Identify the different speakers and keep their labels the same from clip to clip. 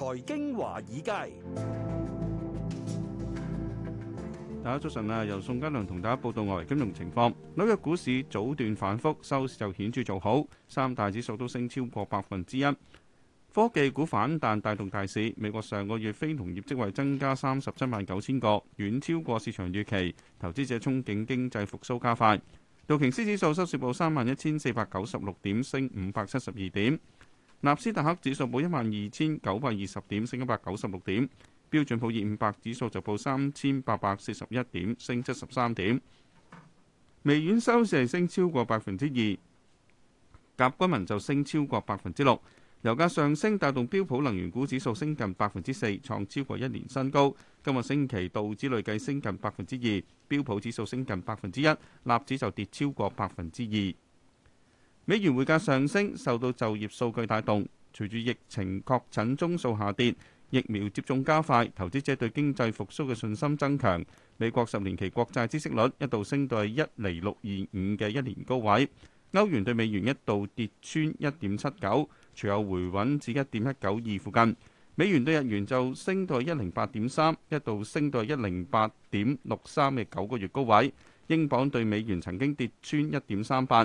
Speaker 1: 財經華
Speaker 2: 爾街，
Speaker 1: 大家早晨啊！由宋嘉良同大家報道外圍金融情況。紐約股市早段反覆，收市就顯著做好，三大指數都升超過百分之一。科技股反彈帶動大市。美國上個月非農業職位增加三十七萬九千個，遠超過市場預期，投資者憧憬經濟復甦加快。道瓊斯指數收市報三萬一千四百九十六點，升五百七十二點。納斯達克指數報一萬二千九百二十點，升一百九十六點；標準普爾五百指數就報三千八百四十一點，升七十三點。微軟收市係升超過百分之二，甲骨文就升超過百分之六。油價上升帶動標普能源股指數升近百分之四，創超過一年新高。今個星期道指累計升近百分之二，標普指數升近百分之一，納指就跌超過百分之二。美元匯價上升，受到就業數據帶動。隨住疫情確診宗數下跌，疫苗接種加快，投資者對經濟復甦嘅信心增強。美國十年期國債孳息率一度升到一厘六二五嘅一年高位。歐元對美元一度跌穿一點七九，隨後回穩至一點一九二附近。美元對日元就升到一零八點三，一度升到一零八點六三嘅九個月高位。英鎊對美元曾經跌穿一點三八。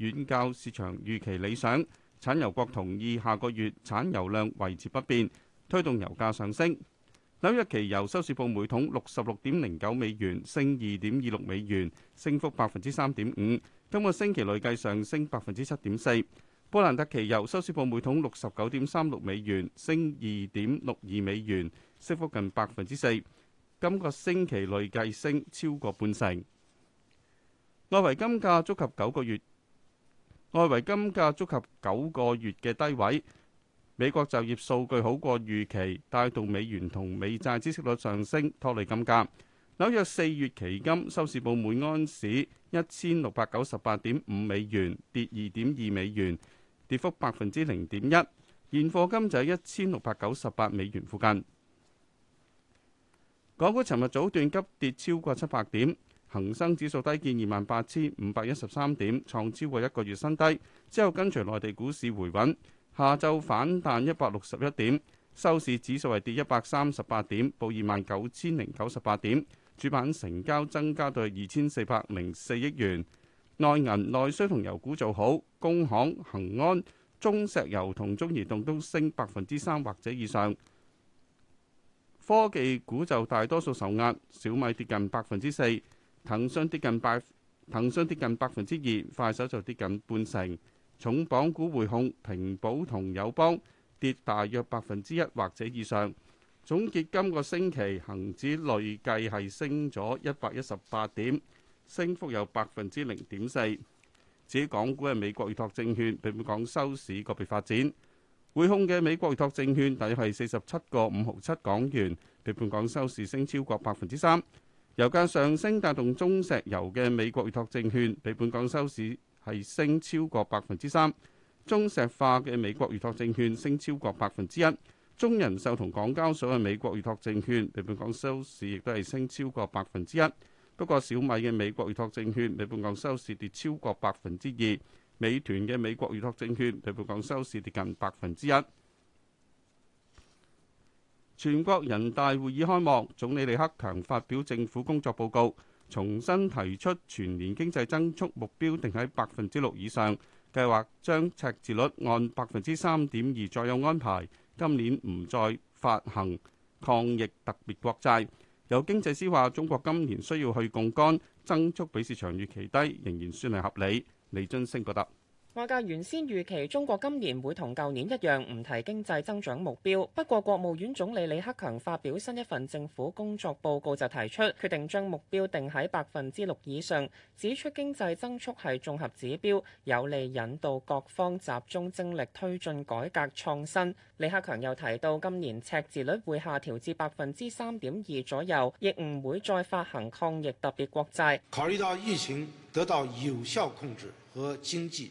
Speaker 1: 遠較市場預期理想，產油國同意下個月產油量維持不變，推動油價上升。紐約期油收市報每桶六十六點零九美元，升二點二六美元，升幅百分之三點五。今個星期累計上升百分之七點四。布蘭特期油收市報每桶六十九點三六美元，升二點六二美元，升幅近百分之四。今個星期累計升超過半成。外圍金價觸及九個月。外圍金價觸及九個月嘅低位，美國就業數據好過預期，帶動美元同美債孳息率上升，拖累金價。紐約四月期金收市報每安士一千六百九十八點五美元，跌二點二美元，跌幅百分之零點一。現貨金就喺一千六百九十八美元附近。港股尋日早段急跌超過七百點。恒生指數低見二萬八千五百一十三點，創超過一個月新低。之後跟隨內地股市回穩，下晝反彈一百六十一點，收市指數係跌一百三十八點，報二萬九千零九十八點。主板成交增加到二千四百零四億元。內銀、內需同油股做好，工行、恒安、中石油同中移動都升百分之三或者以上。科技股就大多數受壓，小米跌近百分之四。騰訊跌近百，騰訊跌近百分之二，快手就跌近半成，重磅股匯控、平保同友邦跌大約百分之一或者以上。總結今個星期恒指累計係升咗一百一十八點，升幅有百分之零點四。至於港股嘅美國預託證券，比本港收市個別發展。匯控嘅美國預託證券大約係四十七個五毫七港元，比本港收市升超過百分之三。油價上升，帶動中石油嘅美國預託證券比本港收市係升超過百分之三，中石化嘅美國預託證券升超過百分之一，中人壽同港交所嘅美國預託證券比本港收市亦都係升超過百分之一。不過小米嘅美國預託證券比本港收市跌超過百分之二，美團嘅美國預託證券比本港收市跌近百分之一。全國人大會議開幕，總理李克強發表政府工作報告，重新提出全年經濟增速目標定喺百分之六以上。計劃將赤字率按百分之三點二左右安排，今年唔再發行抗疫特別國債。有經濟師話：中國今年需要去槓桿，增速比市場預期低，仍然算係合理。李晉星覺得。
Speaker 3: 外界原先預期中國今年會同舊年一樣唔提經濟增長目標，不過國務院總理李克強發表新一份政府工作報告就提出決定將目標定喺百分之六以上，指出經濟增速係綜合指標，有利引導各方集中精力推進改革創新。李克強又提到今年赤字率會下調至百分之三點二左右，亦唔會再發行抗疫特別國債。考慮到
Speaker 1: 疫情得到有效控制和經濟。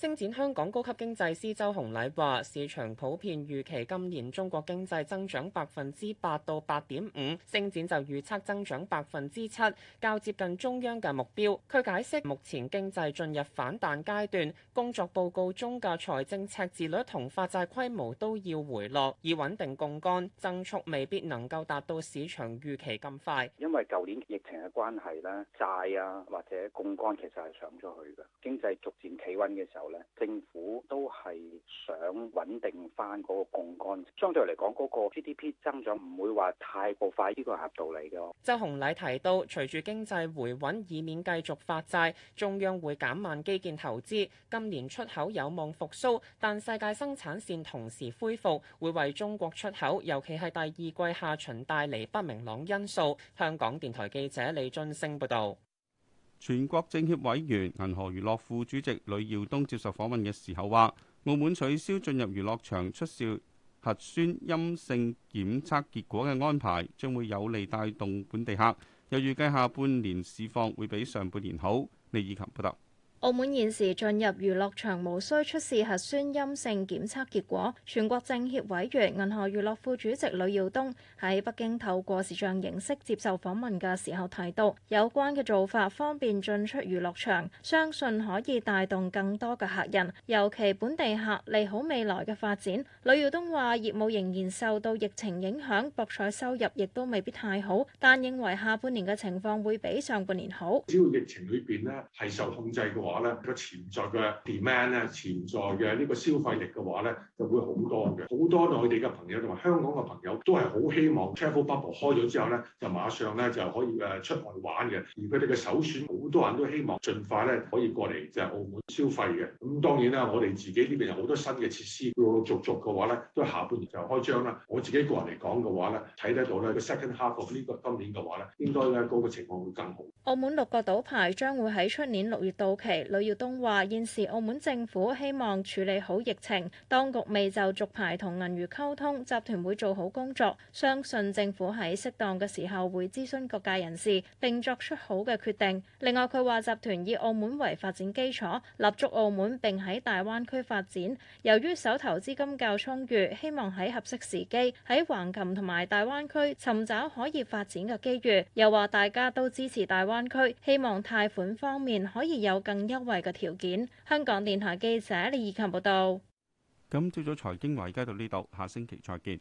Speaker 3: 星展香港高級經濟師周紅禮話：市場普遍預期今年中國經濟增長百分之八到八點五，星展就預測增長百分之七，較接近中央嘅目標。佢解釋目前經濟進入反彈階段，工作報告中嘅財政赤字率同發債規模都要回落，以穩定槓桿，增速未必能夠達到市場預期咁快。
Speaker 1: 因為舊年疫情嘅關係啦，債啊或者槓桿其實係上咗去嘅，經濟逐漸企穩嘅時候。政府都係想穩定翻嗰個槓桿，相對嚟講嗰個 GDP 增長唔會話太過快這個，呢個係合道理嘅。
Speaker 3: 周鴻禮提到，隨住經濟回穩，以免繼續發債，中央會減慢基建投資。今年出口有望復甦，但世界生產線同時恢復，會為中國出口，尤其係第二季下旬帶嚟不明朗因素。香港電台記者李俊升報導。
Speaker 1: 全國政協委員、銀河娛樂副主席呂耀東接受訪問嘅時候話，澳門取消進入娛樂場出示核酸陰性檢測結果嘅安排，將會有利帶動本地客。又預計下半年市況會比上半年好。李以琴報道。
Speaker 2: 澳門現時進入娛樂場無需出示核酸陰性檢測結果。全國政協委員、銀河娛樂副主席呂耀東喺北京透過視像形式接受訪問嘅時候提到，有關嘅做法方便進出娛樂場，相信可以帶動更多嘅客人，尤其本地客，利好未來嘅發展。呂耀東話：業務仍然受到疫情影響，博彩收入亦都未必太好，但認為下半年嘅情況會比上半年好。
Speaker 1: 只要疫情裏邊呢，係受控制過。話咧個潛在嘅 demand 咧，潛在嘅呢個消費力嘅話咧，就會好多嘅。好多內地嘅朋友同埋香港嘅朋友都係好希望 travel bubble 開咗之後咧，就馬上咧就可以誒出外玩嘅。而佢哋嘅首選好多人都希望盡快咧可以過嚟就係澳門消費嘅。咁當然啦，我哋自己呢邊有好多新嘅設施，陸陸續續嘅話咧，都係下半年就開張啦。我自己個人嚟講嘅話咧，睇得到咧個 second half 呢個今年嘅話咧，應該咧嗰個情況
Speaker 2: 會更好。澳門六個賭牌將會喺出年六月到期。呂耀東話：現時澳門政府希望處理好疫情，當局未就續牌同銀娛溝通，集團會做好工作，相信政府喺適當嘅時候會諮詢各界人士，並作出好嘅決定。另外，佢話集團以澳門為發展基礎，立足澳門，並喺大灣區發展。由於手頭資金較充裕，希望喺合適時機喺橫琴同埋大灣區尋找可以發展嘅機遇。又話大家都支持大灣區，希望貸款方面可以有更。優惠嘅條件。香港電台記者李以勤報道。
Speaker 1: 咁，朝早財經華爾街到呢度，下星期再見。